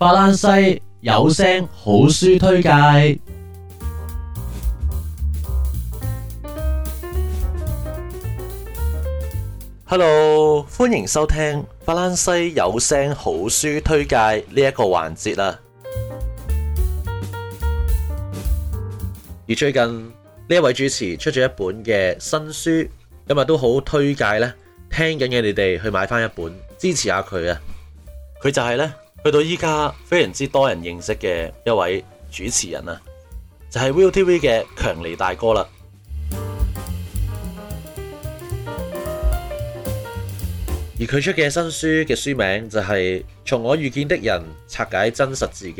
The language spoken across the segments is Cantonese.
法蘭西有聲好書推介，Hello，歡迎收聽法蘭西有聲好書推介呢一個環節啦。而最近呢位主持出咗一本嘅新書，今日都好推介咧，聽緊嘅你哋去買返一本，支持下佢啊！佢就係呢。去到依家非常之多人認識嘅一位主持人啊，就係、是、ViuTV 嘅強尼大哥啦。而佢出嘅新書嘅書名就係、是《從我遇見的人拆解真實自己》，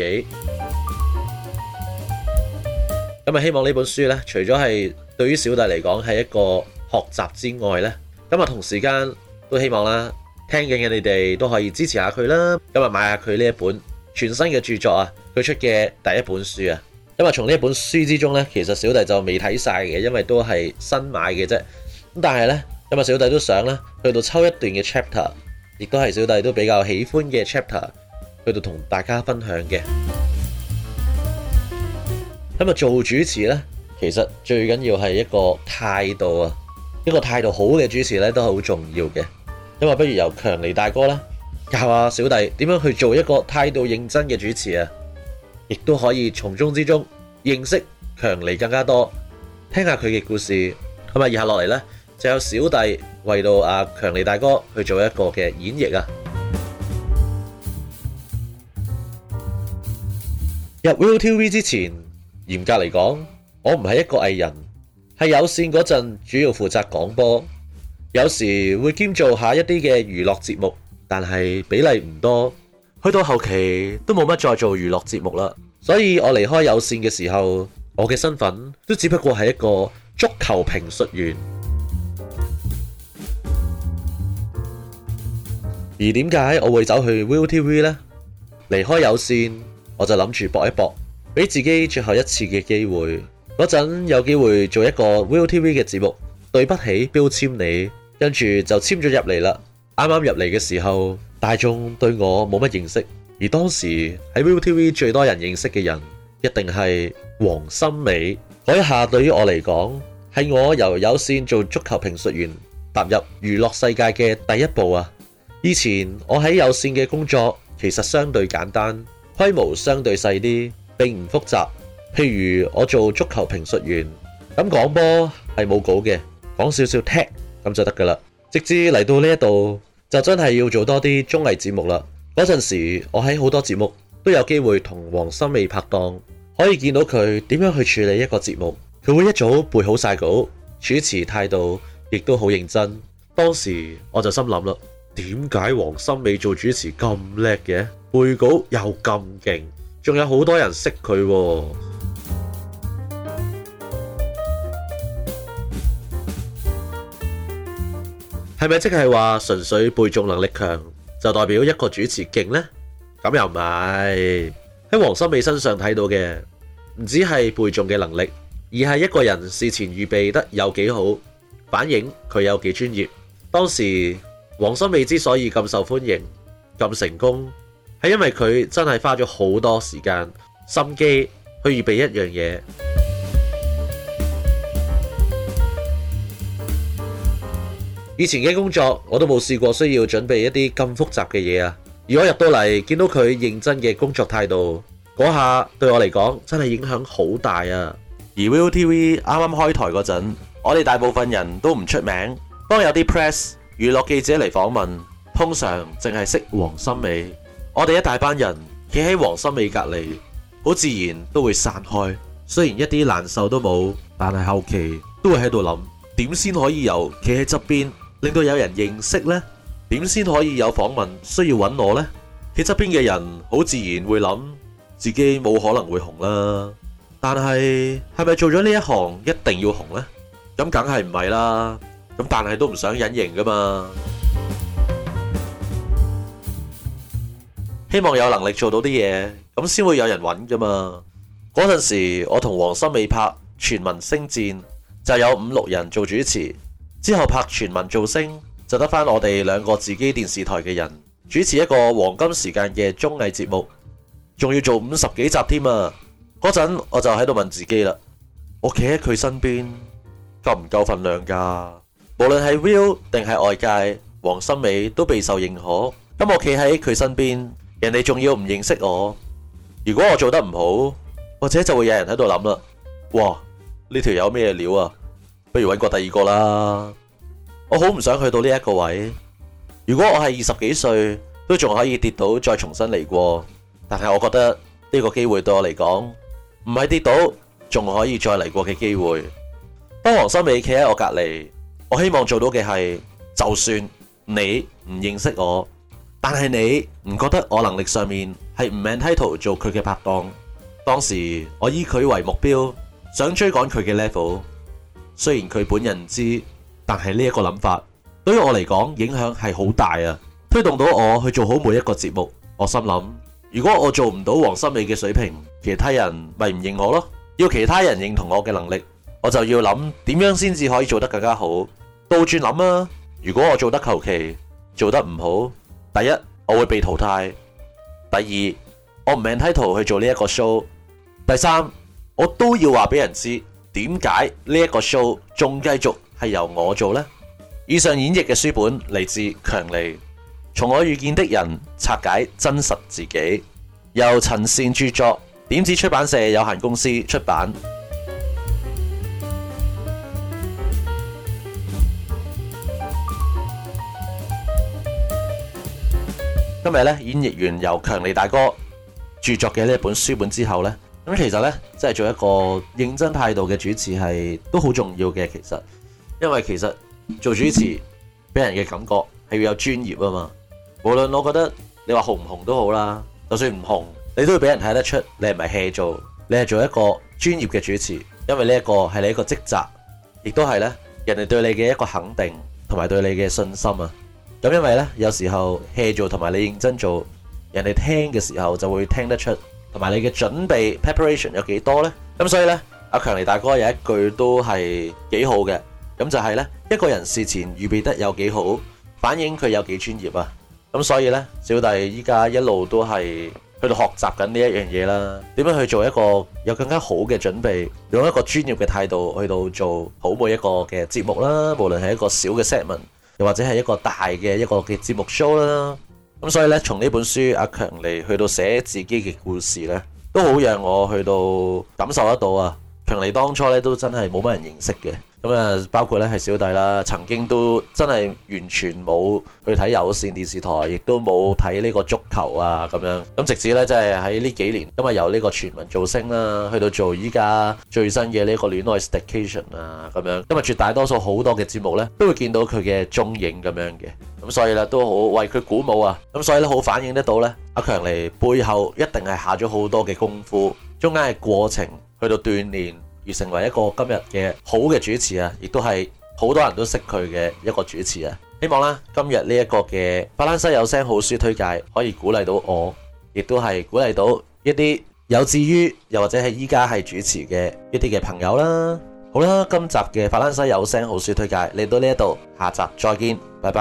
咁啊希望呢本書除咗係對於小弟嚟講係一個學習之外咧，咁啊同時間都希望啦。聽緊嘅你哋都可以支持下佢啦，今日買下佢呢一本全新嘅著作啊，佢出嘅第一本書啊，因為從呢一本書之中呢，其實小弟就未睇晒嘅，因為都係新買嘅啫。咁但係呢，咁啊小弟都想呢，去到抽一段嘅 chapter，亦都係小弟都比較喜歡嘅 chapter，去到同大家分享嘅。咁啊做主持呢，其實最緊要係一個態度啊，一個態度好嘅主持呢，都好重要嘅。因為不如由強尼大哥啦教下小弟點樣去做一個態度認真嘅主持啊，亦都可以從中之中認識強尼更加多，聽下佢嘅故事。咁啊，以下落嚟呢，就有小弟為到阿強尼大哥去做一個嘅演繹啊。入 ViuTV 之前，嚴格嚟講，我唔係一個藝人，係有線嗰陣主要負責廣播。有時會兼做下一啲嘅娛樂節目，但係比例唔多。去到後期都冇乜再做娛樂節目啦。所以我離開有線嘅時候，我嘅身份都只不過係一個足球評述員。而點解我會走去 ViuTV 呢？離開有線，我就諗住搏一搏，俾自己最後一次嘅機會。嗰陣有機會做一個 ViuTV 嘅節目。對不起，標籤你。跟住就簽咗入嚟啦。啱啱入嚟嘅時候，大眾對我冇乜認識，而當時喺 ViuTV 最多人認識嘅人一定係黃心美。嗰一下對於我嚟講係我由有線做足球評述員踏入娛樂世界嘅第一步啊！以前我喺有線嘅工作其實相對簡單，規模相對細啲，並唔複雜。譬如我做足球評述員咁，講波係冇稿嘅，講少少踢。咁就得㗎啦，直至嚟到呢一度就真係要做多啲綜藝節目啦。嗰陣時我喺好多節目都有機會同黃心美拍檔，可以見到佢點樣去處理一個節目，佢會一早背好晒稿，主持態度亦都好認真。當時我就心諗啦，點解黃心美做主持咁叻嘅？背稿又咁勁？仲有好多人識佢啊。係咪即係話純粹背誦能力強就代表一個主持勁呢？咁又唔係。喺黃心美身上睇到嘅唔止係背誦嘅能力，而係一個人事前預備得有幾好，反映佢有幾專業。當時黃心美之所以咁受歡迎、咁成功，係因為佢真係花咗好多時間、心機去預備一樣嘢。以前嘅工作我都冇試過需要準備一啲咁複雜嘅嘢啊。如果入到嚟見到佢認真嘅工作態度，嗰下對我嚟講真係影響好大啊！而 ViuTV 啱啱開台嗰陣，我哋大部分人都唔出名。當有啲 press 娛樂記者嚟訪問，通常淨係識黃心美。我哋一大班人企喺黃心美隔離，好自然都會散開。雖然一啲難受都冇，但係後期都會喺度諗點先可以由企喺側邊，令到有人認識呢，點先可以有訪問需要揾我呢？喺側邊嘅人好自然會諗自己冇可能會紅啦。但係係咪做咗呢一行一定要紅呢？咁梗係唔係啦。咁但係都唔想隱形噶嘛。希望有能力做到啲嘢，咁先會有人揾噶嘛。嗰陣時我同黃心美拍《全民星戰》，就有五六人做主持。之後拍全民造星就得翻，我哋兩個自己電視台嘅人主持一個黃金時間嘅綜藝節目，仲要做五十幾集添啊！嗰陣我就喺度問自己啦：，我企喺佢身邊夠唔夠份量噶？無論係 Viu 定係外界，黃心美都備受認可。咁我企喺佢身邊，人哋仲要唔認識我？如果我做得唔好，或者就會有人喺度諗啦：，哇，呢條友咩料啊？不如揾過第二個啦！我好唔想去到呢一個位。如果我係二十幾歲，都仲可以跌到再重新嚟過。但係我覺得呢個機會對我嚟講，唔係跌到仲可以再嚟過嘅機會。當黃心美企喺我隔籬，我希望做到嘅係，就算你唔認識我，但係你唔覺得我能力上面係唔命梯途做佢嘅拍檔。當時我以佢為目標，想追趕佢嘅 level。雖然佢本人唔知，但係呢一個諗法對於我嚟講影響係好大啊！推動到我去做好每一個節目。我心諗，如果我做唔到黃心美嘅水平，其他人咪唔認我咯。要其他人認同我嘅能力，我就要諗點樣先至可以做得更加好。倒轉諗啊！如果我做得求其，做得唔好，第一我會被淘汰，第二我唔名 title 去做呢一個 show，第三我都要話俾人知。點解呢一個 show 仲繼續係由我做呢？以上演繹嘅書本嚟自強尼，從我遇見的人拆解真實自己，由陳善著作，點子出版社有限公司出版。今日呢，演繹完由強尼大哥著作嘅呢本書本之後呢。咁其實呢，即係做一個認真態度嘅主持係都好重要嘅。其實，因為其實做主持俾人嘅感覺係要有專業啊嘛。無論我覺得你話紅唔紅都好啦，就算唔紅，你都會俾人睇得出你係唔係 hea 做，你係做一個專業嘅主持。因為呢一個係你一個職責，亦都係呢人哋對你嘅一個肯定同埋對你嘅信心啊。咁因為呢，有時候 hea 做同埋你認真做，人哋聽嘅時候就會聽得出。同埋你嘅準備 preparation 有幾多呢？咁所以呢，阿強尼大哥有一句都係幾好嘅，咁就係呢：「一個人事前預備得有幾好，反映佢有幾專業啊。」咁所以呢，小弟依家一路都係去到學習緊呢一樣嘢啦。點樣去做一個有更加好嘅準備，用一個專業嘅態度去到做好每一個嘅節目啦。無論係一個小嘅 segment，又或者係一個大嘅一個嘅節目 show 啦。咁所以呢，從呢本書，阿強尼去到寫自己嘅故事呢，都好讓我去到感受得到啊！強尼當初呢，都真係冇乜人認識嘅。咁啊，包括咧係小弟啦，曾經都真係完全冇去睇有線電視台，亦都冇睇呢個足球啊咁樣。咁直至咧即係喺呢幾年，因為由呢個全民造星啦，去到做依家最新嘅呢個戀愛 station 啊咁樣，因為絕大多數好多嘅節目咧，都會見到佢嘅蹤影咁樣嘅。咁所以咧都好為佢鼓舞啊！咁所以咧好反映得到咧，阿強尼背後一定係下咗好多嘅功夫，中間係過程去到鍛鍊。成為一個今日嘅好嘅主持啊，亦都係好多人都識佢嘅一個主持啊。希望啦，今日呢一個嘅法蘭西有聲好書推介，可以鼓勵到我，亦都係鼓勵到一啲有志於，又或者係依家係主持嘅一啲嘅朋友啦。好啦，今集嘅法蘭西有聲好書推介嚟到呢一度，下集再見，拜拜。